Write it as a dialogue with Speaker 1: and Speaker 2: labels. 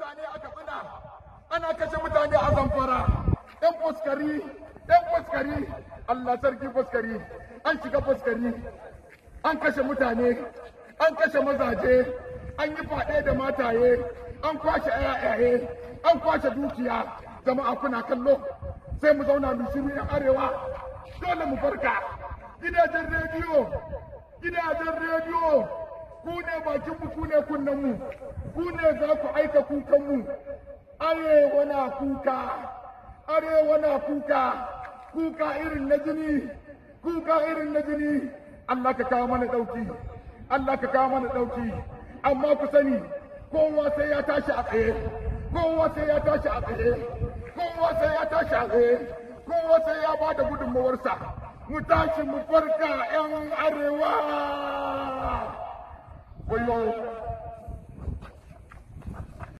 Speaker 1: mutane a katsina ana kashe mutane a zamfara yan fuskari yan fuskari allah sarki fuskari an shiga fuskari an kashe mutane an kashe mazaje an yi faɗe da mataye an kwashe ayaye an kwashe dukiya jama'a kuna kallo sai mu zauna mu shiru yan arewa dole mu farka gidajen rediyo gidajen rediyo ku ne bakin mu ku ne kunnen mu ku ne za ku aika kukanmu arewa na kuka arewa na kuka kuka irin na jini kuka irin na jini Allah ka kawo mana dauki Allah ka kawo mana dauki amma ku sani kowa sai ya tashi a tsaye kowa sai ya tashi a tsaye kowa sai ya tashi a tsaye kowa sai ya bada gudunmawarsa mu tashi mu farka yan arewa wayo